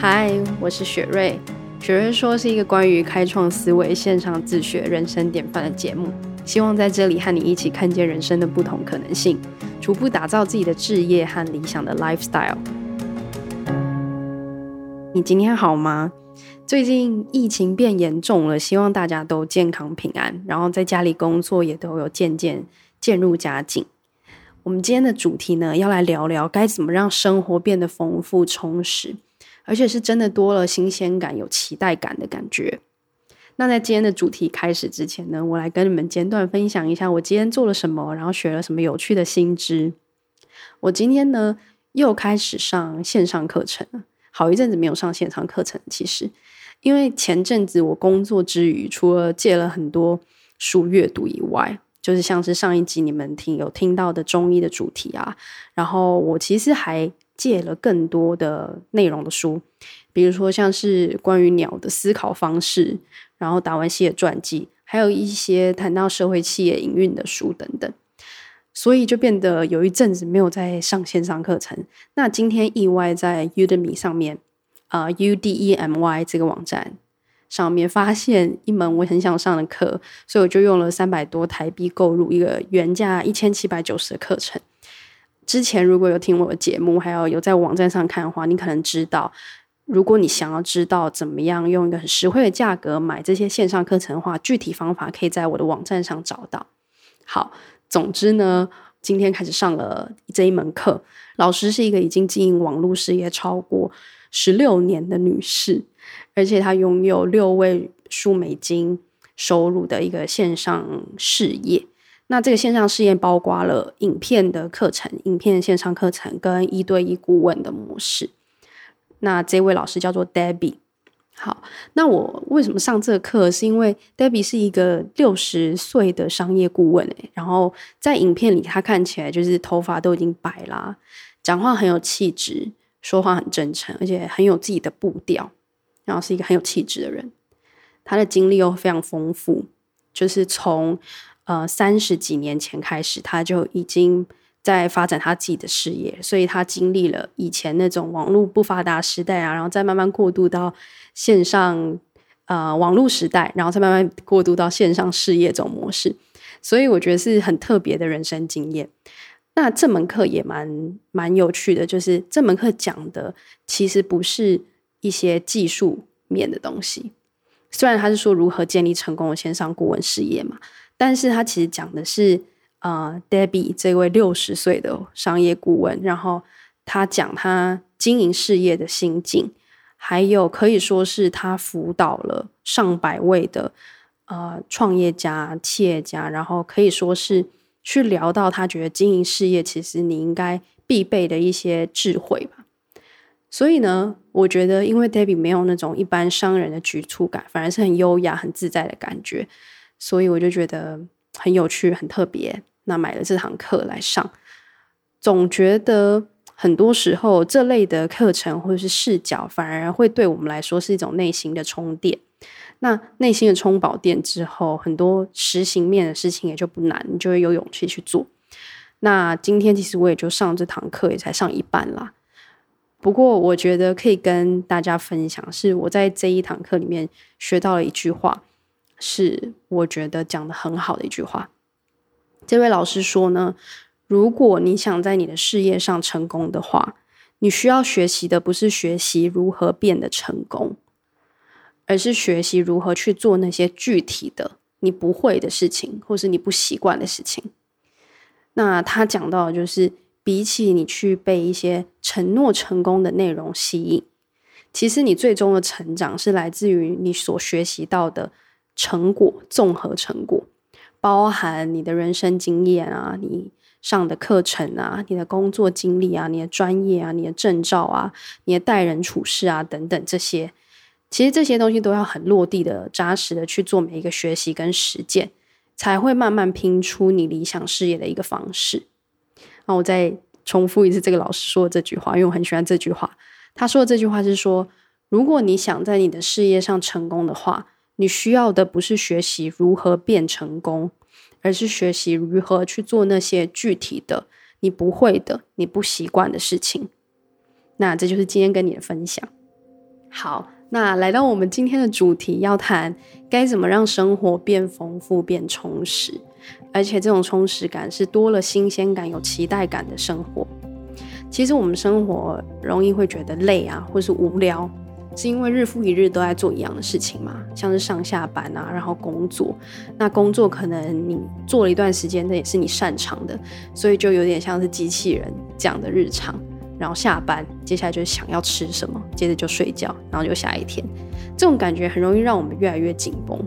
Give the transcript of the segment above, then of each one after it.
嗨，我是雪瑞。雪瑞說是一個關於開創思維、線上自學、人生典範的節目，希望在這裡和你一起看見人生的不同可能性，逐步打造自己的志業和理想的 lifestyle。你今天好嗎？最近疫情變嚴重了，希望大家都健康平安，然後在家裡工作也都有漸漸漸入佳境。我們今天的主題呢，要來聊聊該怎麼讓生活變得豐富、充實。而且是真的多了新鮮感，有期待感的感覺，那在今天的主題開始之前呢，我來跟你們簡短分享一下我今天做了什麼，然後學了什麼有趣的新知。我今天呢又開始上線上課程了，好一陣子沒有上線上課程。其實，因為前陣子我工作之餘，除了借了很多書閱讀以外，就是像是上一集你們聽有聽到的中醫的主題啊，然後我其實還。借了更多的內容的書，比如說像是關於鳥的思考方式，然後達文西的傳記，還有一些談到社會企業營運的書等等。所以就變得有一陣子沒有再上線上課程。那今天意外在 Udemy 上面啊，呃，U D E M Y 這個網站上面發現一門我很想上的課，所以我就用了三百多台幣購入一個原價一千七百九十的課程。之前如果有聽我的節目，還有有在網站上看的話，你可能知道，如果你想要知道怎麼樣用一個很實惠的價格買這些線上課程的話，具體方法可以在我的網站上找到。好，總之呢，今天開始上了這一門課，老師是一個已經經營網絡事業超過十六年的女士，而且她擁有六位數美金收入的一個線上事業。那這個線上試驗包括了影片的課程、影片線上課程跟一對一顧問的模式。那這位老師叫做 Debbie。好，那我為什麼上這個課？是因為 Debbie 是一個六十歲的商業顧問欸，然後在影片裡，他看起來就是頭髮都已經白啦，講話很有氣質，說話很真誠，而且很有自己的步調，然後是一個很有氣質的人。他的經歷又非常豐富，就是從。呃，三十幾年前開始，他就已經在發展他自己的事業，所以他經歷了以前那種網絡不發達時代啊，然後再慢慢過渡到線上、呃、網絡時代，然後再慢慢過渡到線上事業這種模式，所以我覺得是很特別的人生經驗。那這門課也蠻蠻有趣的，就是這門課講的其實不是一些技術面的東西，雖然他是說如何建立成功的線上顧問事業嘛。但是他其實講的是，啊，Debbie 這位六十歲的商業顧問，然後他講他經營事業的心境，還有可以說是他輔導了上百位的呃創業家、企業家，然後可以說是去聊到他覺得經營事業其實你應該必備的一些智慧吧。所以呢，我覺得因為 Debbie 沒有那種一般商人的局促感，反而是很優雅、很自在的感覺。所以我就覺得很有趣，很特別。那買了這堂課來上，總覺得很多時候這類的課程或者是視角，反而會對我們來說是一種內心的充電。那內心的充飽電之後，很多實行面的事情也就不難，你就會有勇氣去做。那今天其實我也就上這堂課，也才上一半啦。不過我覺得可以跟大家分享，是我在這一堂課裡面學到了一句話。是我覺得講的很好的一句話。這位老師說呢，如果你想在你的事業上成功的話，你需要學習的不是學習如何變得成功，而是學習如何去做那些具體的你不會的事情，或是你不習慣的事情。那他講到的就是，比起你去被一些承諾成功的內容吸引，其實你最終的成長是來自於你所學習到的。成果，綜合成果，包含你的人生經驗啊，你上的課程啊，你的工作經歷啊，你的專業啊，你的證照啊，你的待人處事啊，等等這些，其實這些東西都要很落地的、扎實的去做每一個學習跟實踐，才會慢慢拼出你理想事業的一個方式。那我再重複一次這個老師說的這句話，因為我很喜歡這句話。他說的這句話是說，如果你想在你的事業上成功的話，你需要的不是學習如何變成功，而是學習如何去做那些具體的你不會的、你不習慣的事情。那這就是今天跟你的分享。好，那來到我們今天的主題，要談該怎麼讓生活變豐富、變充實，而且這種充實感是多了新鮮感、有期待感的生活。其實我們生活容易會覺得累啊，或是無聊。是因為日復一日都在做一樣的事情嘛，像是上下班啊，然後工作，那工作可能你做了一段時間，那也是你擅長的，所以就有點像是機器人這樣的日常。然後下班，接下來就是想要吃什麼，接着就睡覺，然後就下一天。這種感覺很容易讓我們越來越緊繃，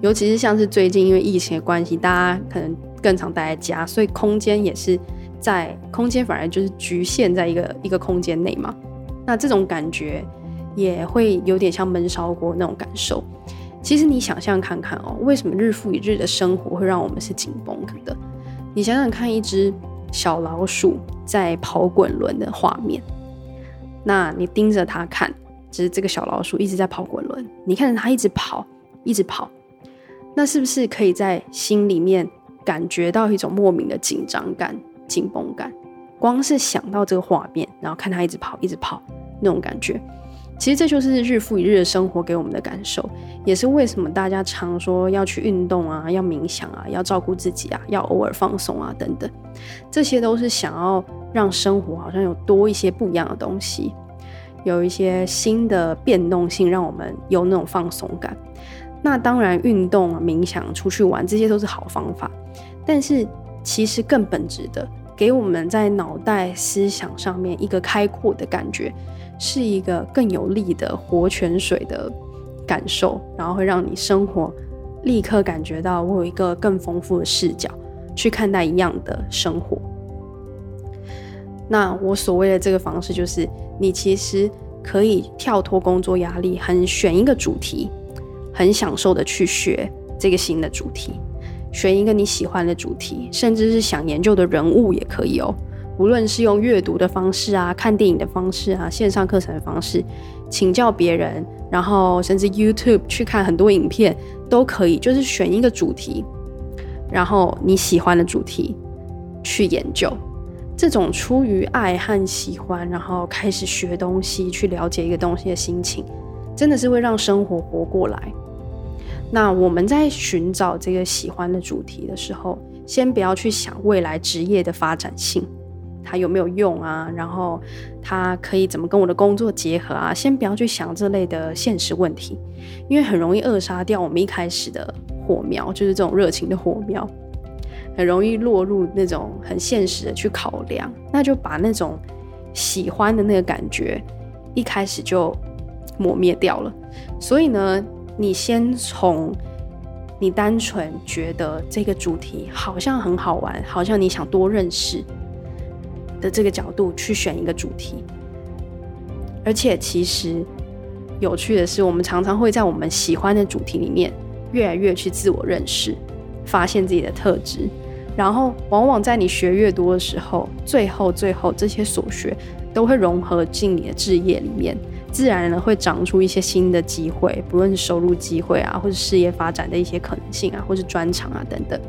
尤其是像是最近因為疫情的關係，大家可能更常待在家，所以空間也是在空間，反而就是局限在一個一個空間內嘛。那這種感覺。也會有點像悶燒鍋那種感受。其實你想象看看哦，為什麼日復一日的生活會讓我們是緊繃的？你想想看，一隻小老鼠在跑滾輪的畫面，那你盯着它看，就是這個小老鼠一直在跑滾輪，你看着它一直跑，一直跑，那是不是可以在心裡面感覺到一種莫名的緊張感、緊繃感？光是想到這個畫面，然後看它一直跑，一直跑，那種感覺。其實這就是日復一日的生活給我們的感受，也是為什麼大家常說要去運動啊、要冥想啊、要照顧自己啊、要偶爾放鬆啊等等，這些都是想要讓生活好像有多一些不一樣的東西，有一些新的變動性，讓我們有那種放鬆感。那當然，運動啊、冥想、出去玩這些都是好方法，但是其實更本質的。給我們在腦袋思想上面一個開闊的感覺，是一個更有力的活泉水的感受，然後會讓你生活立刻感覺到我有一個更豐富的視角去看待一樣的生活。那我所謂的這個方式，就是你其實可以跳脫工作壓力，很選一個主題，很享受的去學這個新的主題。選一個你喜歡的主題，甚至是想研究的人物也可以哦、喔。無論是用閱讀的方式啊、看電影的方式啊、線上課程的方式，請教別人，然後甚至 YouTube 去看很多影片都可以。就是選一個主題，然後你喜歡的主題去研究。這種出於愛和喜歡，然後開始學東西、去了解一個東西的心情，真的是會讓生活活過來。那我們在尋找這個喜歡的主題的時候，先不要去想未來職業的發展性，它有沒有用啊？然後它可以怎麼跟我的工作結合啊？先不要去想這類的現實問題，因為很容易扼殺掉我們一開始的火苗，就是這種熱情的火苗，很容易落入那種很現實的去考量，那就把那種喜歡的那個感覺一開始就抹滅掉了。所以呢？你先從你單純覺得這個主題好像很好玩，好像你想多認識的這個角度去選一個主題，而且其實有趣的是，我們常常會在我們喜歡的主題裡面越來越去自我認識，發現自己的特質，然後往往在你學越多的時候，最後最後這些所學都會融合進你的職業裡面。自然而然會長出一些新的機會，不論是收入機會啊，或是事業發展的一些可能性啊，或是專長啊等等。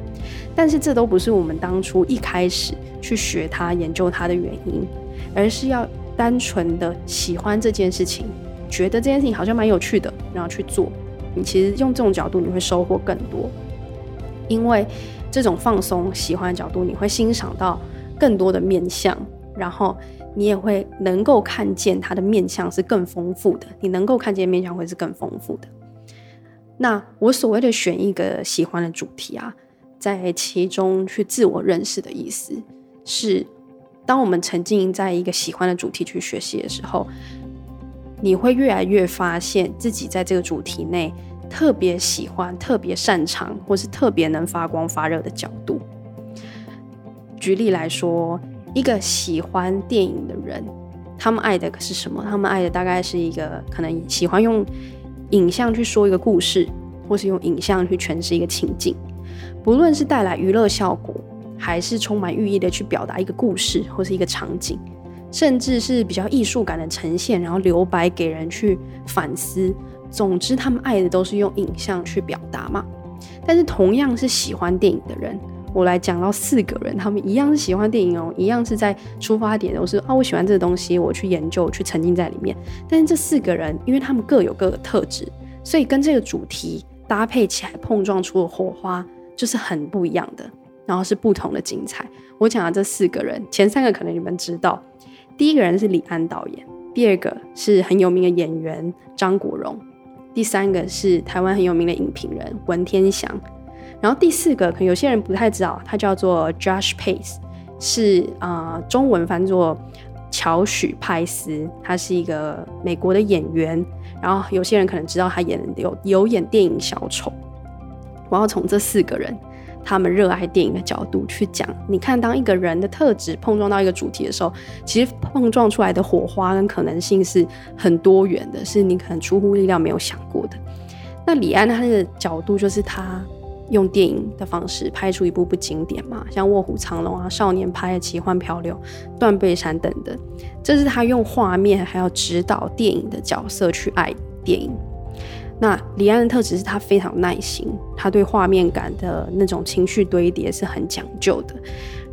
但是這都不是我們當初一開始去學它、研究它的原因，而是要單純的喜歡這件事情，覺得這件事情好像蠻有趣的，然後去做。你其實用這種角度，你會收穫更多，因為這種放鬆、喜歡的角度，你會欣賞到更多的面向，然後。你也會能夠看見他的面向是更豐富的，你能夠看見面向會是更豐富的。那我所謂的選一個喜歡的主題啊，在其中去自我認識的意思是，是當我們沉浸在一個喜歡的主題去學習的時候，你會越來越發現自己在這個主題內特別喜歡、特別擅長，或是特別能發光發熱的角度。舉例來說。一個喜歡電影的人，他們愛的是什麼？他們愛的大概是一個可能喜歡用影像去說一個故事，或是用影像去詮釋一個情境。不論是帶來娛樂效果，還是充滿寓意，的去表達一個故事或是一個場景，甚至是比較藝術感的呈現，然後留白給人去反思。總之，他們愛的都是用影像去表達嘛。但是，同樣是喜歡電影的人。我來講到四個人，他們一樣是喜歡電影哦，一樣是在出發點，我是說啊，我喜歡這個東西，我去研究，去沉浸在裡面。但是這四個人，因為他們各有各的特質，所以跟這個主題搭配起來，碰撞出的火花就是很不一樣的，然後是不同的精彩。我講的這四個人，前三個可能你們知道，第一個人是李安導演，第二個是很有名的演員張國榮，第三個是台灣很有名的影評人聞天祥。然後第四個，可能有些人不太知道，他叫做 Josh Pace，是啊、呃，中文翻作喬許·派斯，他是一個美國的演員。然後有些人可能知道他演有有演電影小丑。我要從這四個人他們熱愛電影的角度去講，你看，當一個人的特質碰撞到一個主題的時候，其實碰撞出來的火花跟可能性是很多元的，是你可能出乎意料沒有想過的。那李安他的角度就是他。用電影的方式拍出一部部經典嘛，像《臥虎藏龍》啊，《少年派的奇幻漂流》、《斷背山》等等，這是他用畫面還要指導電影的角色去愛電影。那李安的特質是他非常耐心，他對畫面感的那種情緒堆疊是很講究的，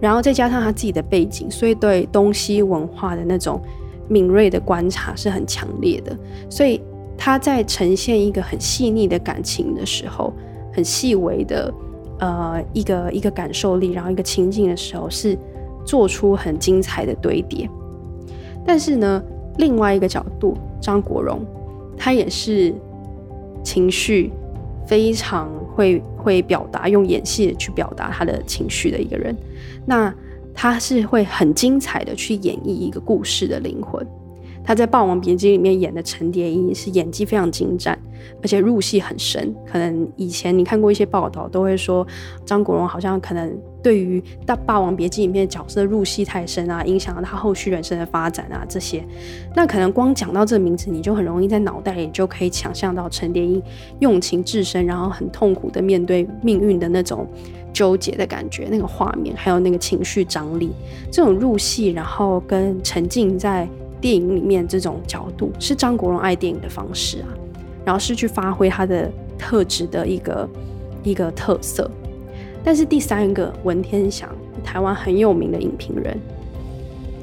然後再加上他自己的背景，所以對東西文化的那種敏銳的觀察是很強烈的。所以他在呈現一個很細膩的感情的時候，很細微的，呃，一個一個感受力，然後一個情境的時候是做出很精彩的堆疊。但是呢，另外一個角度，張國榮，他也是情緒非常會會表達，用演戲的去表達他的情緒的一個人。那他是會很精彩的去演繹一個故事的靈魂。他在《霸王別姬》裡面演的程蝶衣是演技非常精湛，而且入戲很深。可能以前你看過一些報道，都會說張國榮好像可能對於《大霸王別姬》裡面的角色入戲太深啊，影響了他後續人生的發展啊這些。那可能光講到這名字，你就很容易在腦袋裡就可以想象到程蝶衣用情至深，然後很痛苦地面對命運的那種糾結的感覺，那個畫面，還有那個情緒張力，這種入戲，然後跟沉浸在電影裡面這種角度是張國榮愛電影的方式啊，然後是去發揮他的特質的一個一個特色。但是第三個文天祥，台灣很有名的影評人，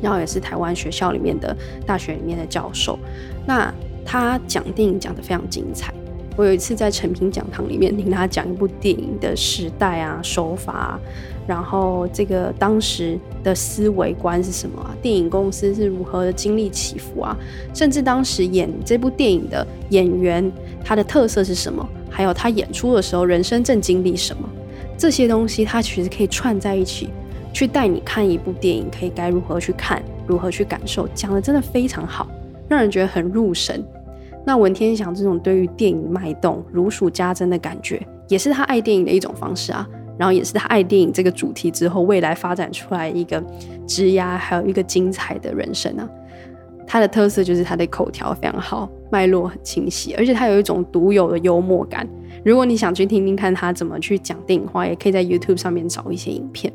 然後也是台灣學校裡面的大學裡面的教授，那他講電影講得非常精彩。我有一次在陳平講堂裡面聽他講一部電影的時代啊、手法啊，然後這個當時的思維觀是什麼啊，電影公司是如何經歷起伏啊，甚至當時演這部電影的演員他的特色是什麼，還有他演出的時候人生正經歷什麼，這些東西他其實可以串在一起，去帶你看一部電影，可以該如何去看，如何去感受，講得真的非常好，讓人覺得很入神。那文天祥這種對於電影脈動如數家珍的感覺，也是他愛電影的一種方式啊。然後也是他愛電影這個主題之後未來發展出來一個枝椏，還有一個精彩的人生啊。他的特色就是他的口條非常好，脈絡很清晰，而且他有一種獨有的幽默感。如果你想去聽聽看他怎麼去講電影的話，也可以在 YouTube 上面找一些影片。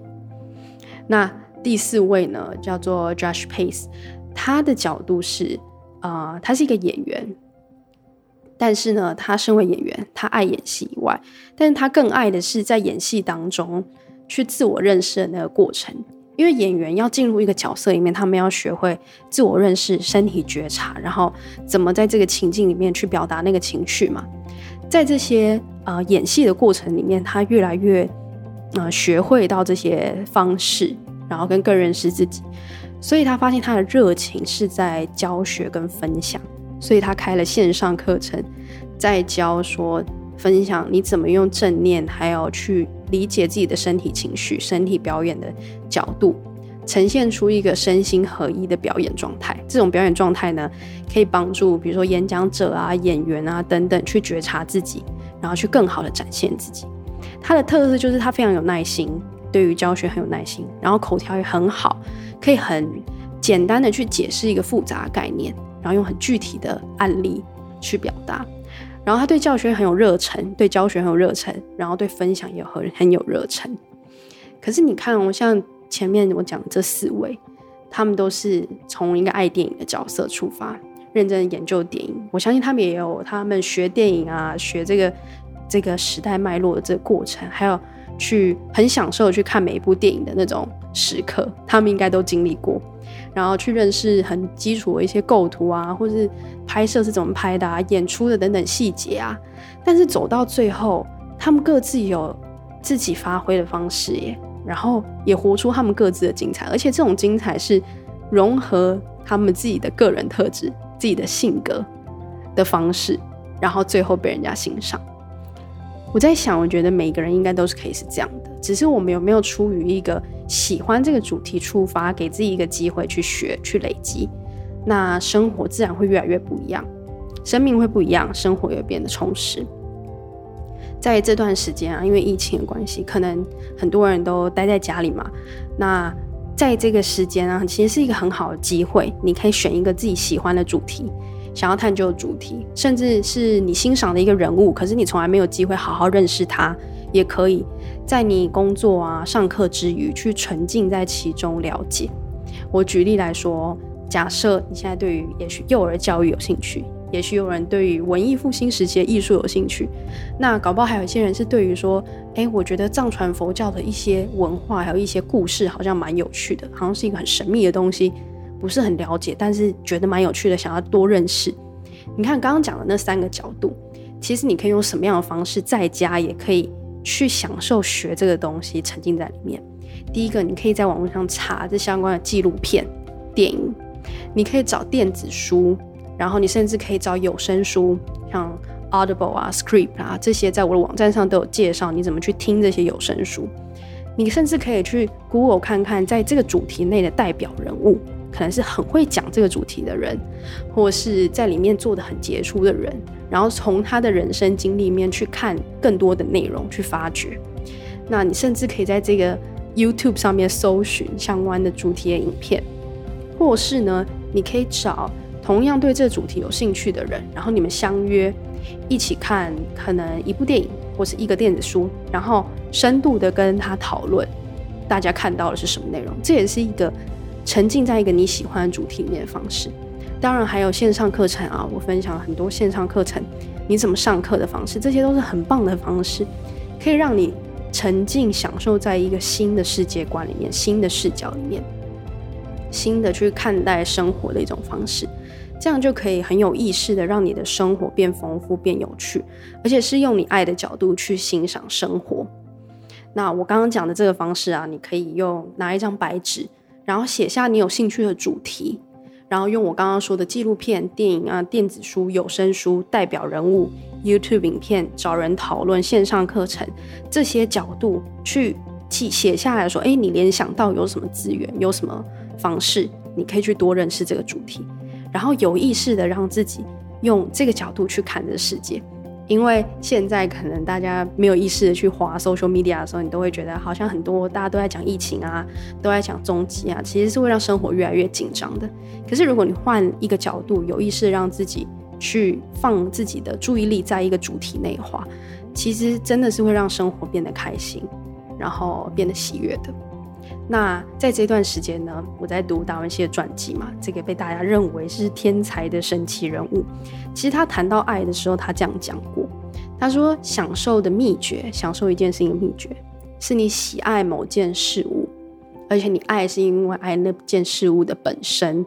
那第四位呢，叫做 Josh Pace，他的角度是啊、呃，他是一個演員。但是呢，他身為演員，他愛演戲以外，但是他更愛的是在演戲當中去自我認識的那個過程。因為演員要進入一個角色裡面，他們要學會自我認識、身體覺察，然後怎麼在這個情境裡面去表達那個情緒嘛。在這些呃演戲的過程裡面，他越來越呃學會到這些方式，然後跟更認識自己。所以，他發現他的熱情是在教學跟分享。所以他開了線上課程，在教說分享你怎麼用正念，還要去理解自己的身體、情緒、身體表演的角度，呈現出一個身心合一的表演狀態。這種表演狀態呢，可以幫助比如說演講者啊、演員啊等等去覺察自己，然後去更好的展現自己。他的特色就是他非常有耐心，對於教學很有耐心，然後口條也很好，可以很簡單的去解釋一個複雜概念。然後用很具體的案例去表達，然後他對教學很有熱忱，對教學很有熱忱，然後對分享也很很有熱忱。可是你看，哦，我像前面我講這四位，他們都是從一個愛電影的角色出發，認真研究電影。我相信他們也有他們學電影啊，學這個這個時代脈絡的這個過程，還有。去很享受去看每一部電影的那種時刻，他們應該都經歷過。然後去認識很基礎的一些構圖啊，或是拍攝是怎麼拍的啊，演出的等等細節啊。但是走到最後，他們各自有自己發揮的方式耶，然後也活出他們各自的精彩。而且這種精彩是融合他們自己的個人特質、自己的性格的方式，然後最後被人家欣賞。我在想，我覺得每個人應該都是可以是這樣的，只是我們有沒有出於一個喜歡這個主題出發，給自己一個機會去學、去累積，那生活自然會越來越不一樣，生命會不一樣，生活也會變得充實。在這段時間啊，因為疫情的關係，可能很多人都待在家裡嘛，那在這個時間啊，其實是一個很好的機會，你可以選一個自己喜歡的主題。想要探究的主題，甚至是你欣賞的一個人物，可是你從來沒有機會好好認識他，也可以在你工作啊、上課之餘去沉浸在其中了解。我舉例來說，假設你現在對於也許幼兒教育有興趣，也許有人對於文藝復興時期的藝術有興趣，那搞不好還有一些人是對於說，哎、欸，我覺得藏傳佛教的一些文化還有一些故事，好像蠻有趣的，好像是一個很神秘的東西。不是很了解，但是覺得蠻有趣的，想要多認識。你看剛剛講的那三個角度，其實你可以用什麼樣的方式在家也可以去享受學這個東西，沉浸在裡面。第一個，你可以在網絡上查這相關的紀錄片、電影，你可以找電子書，然後你甚至可以找有聲書，像 Audible 啊、Scribd 啊這些，在我的網站上都有介紹你怎麼去聽這些有聲書。你甚至可以去 Google 看看在這個主題內的代表人物。可能是很會講這個主題的人，或是在裡面做的很傑出的人，然後從他的人生經歷裡面去看更多的內容去發掘。那你甚至可以在這個 YouTube 上面搜尋相關的主題的影片，或是呢，你可以找同樣對這個主題有興趣的人，然後你們相約一起看可能一部電影或是一個電子書，然後深度的跟他討論，大家看到的是什麼內容，這也是一個。沉浸在一個你喜歡的主題裡面的方式，當然還有線上課程啊。我分享了很多線上課程，你怎麼上課的方式，這些都是很棒的方式，可以讓你沉浸、享受在一個新的世界觀裡面、新的視角裡面、新的去看待生活的一種方式。這樣就可以很有意識的讓你的生活變豐富、變有趣，而且是用你愛的角度去欣賞生活。那我剛剛講的這個方式啊，你可以用拿一張白紙。然後寫下你有興趣的主題，然後用我剛剛說的紀錄片、電影啊、電子書、有聲書、代表人物、YouTube 影片、找人討論、線上課程這些角度去寫下來說，哎，你聯想到有什麼資源，有什麼方式，你可以去多認識這個主題，然後有意識的讓自己用這個角度去看這個世界。因為現在可能大家沒有意識地去滑 social media 的時候，你都會覺得好像很多大家都在講疫情啊，都在講終極啊，其實是會讓生活越來越緊張的。可是如果你換一個角度，有意識地讓自己去放自己的注意力在一個主題內滑，其實真的是會讓生活變得開心，然後變得喜悅的。那在這段時間呢，我在讀達文西的傳記嘛，這個被大家認為是天才的神奇人物。其實他談到愛的時候，他這樣講過，他說享受的秘訣，享受一件事情的秘訣，是你喜愛某件事物，而且你愛是因為愛那件事物的本身，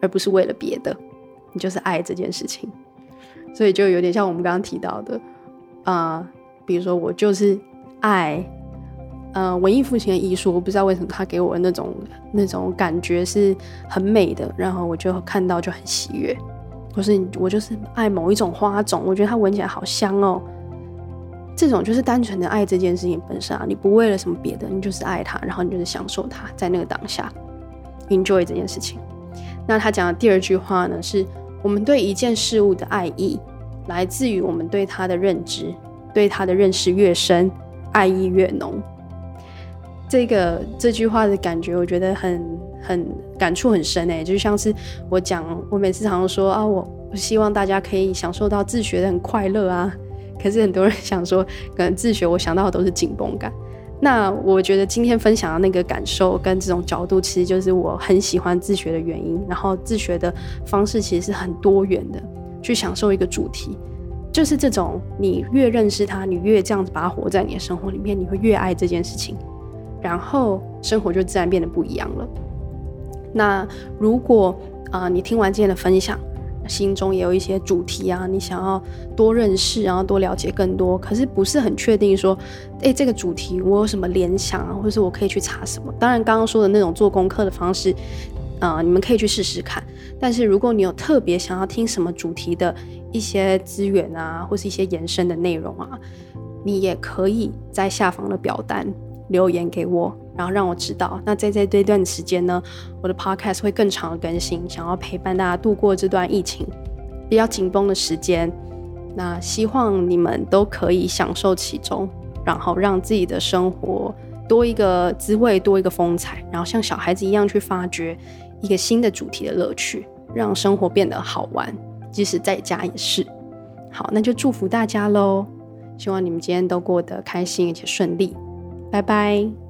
而不是為了別的，你就是愛這件事情。所以就有點像我們剛剛提到的，啊、呃，比如說我就是愛。呃，文藝復興的藝術，我不知道為什麼他給我的那種那種感覺是很美的，然後我就看到就很喜悅。或是我就是愛某一種花種，我覺得它聞起來好香哦。這種就是單純的愛這件事情本身啊，你不為了什麼別的，你就是愛它，然後你就是享受它在那個當下，enjoy 這件事情。那他講的第二句話呢，是我們對一件事物的愛意來自於我們對它的認知，對它的認識越深，愛意越濃。這個這句話的感覺，我覺得很很感觸很深誒、欸，就像是我講，我每次常常說啊我，我希望大家可以享受到自學的很快樂啊。可是很多人想說，可能自學我想到的都是緊繃感。那我覺得今天分享的那個感受跟這種角度，其實就是我很喜歡自學的原因。然後自學的方式其實是很多元的，去享受一個主題，就是這種你越認識他，你越這樣子把它活在你的生活裡面，你會越愛這件事情。然後生活就自然變得不一樣了。那如果啊、呃，你聽完今天的分享，心中也有一些主題啊，你想要多認識，然後多了解更多，可是不是很確定說，哎、欸，這個主題我有什麼聯想啊，或者是我可以去查什麼？當然，剛剛說的那種做功課的方式，啊、呃，你們可以去試試看。但是如果你有特別想要聽什麼主題的一些資源啊，或是一些延伸的內容啊，你也可以在下方的表單。留言給我，然後讓我知道。那在在這段時間呢，我的 podcast 會更常更新，想要陪伴大家度過這段疫情比較緊繃的時間。那希望你們都可以享受其中，然後讓自己的生活多一個滋味，多一個風采。然後像小孩子一樣去發掘一個新的主題的樂趣，讓生活變得好玩，即使在家也是。好，那就祝福大家嘍！希望你們今天都過得開心，而且順利。拜拜。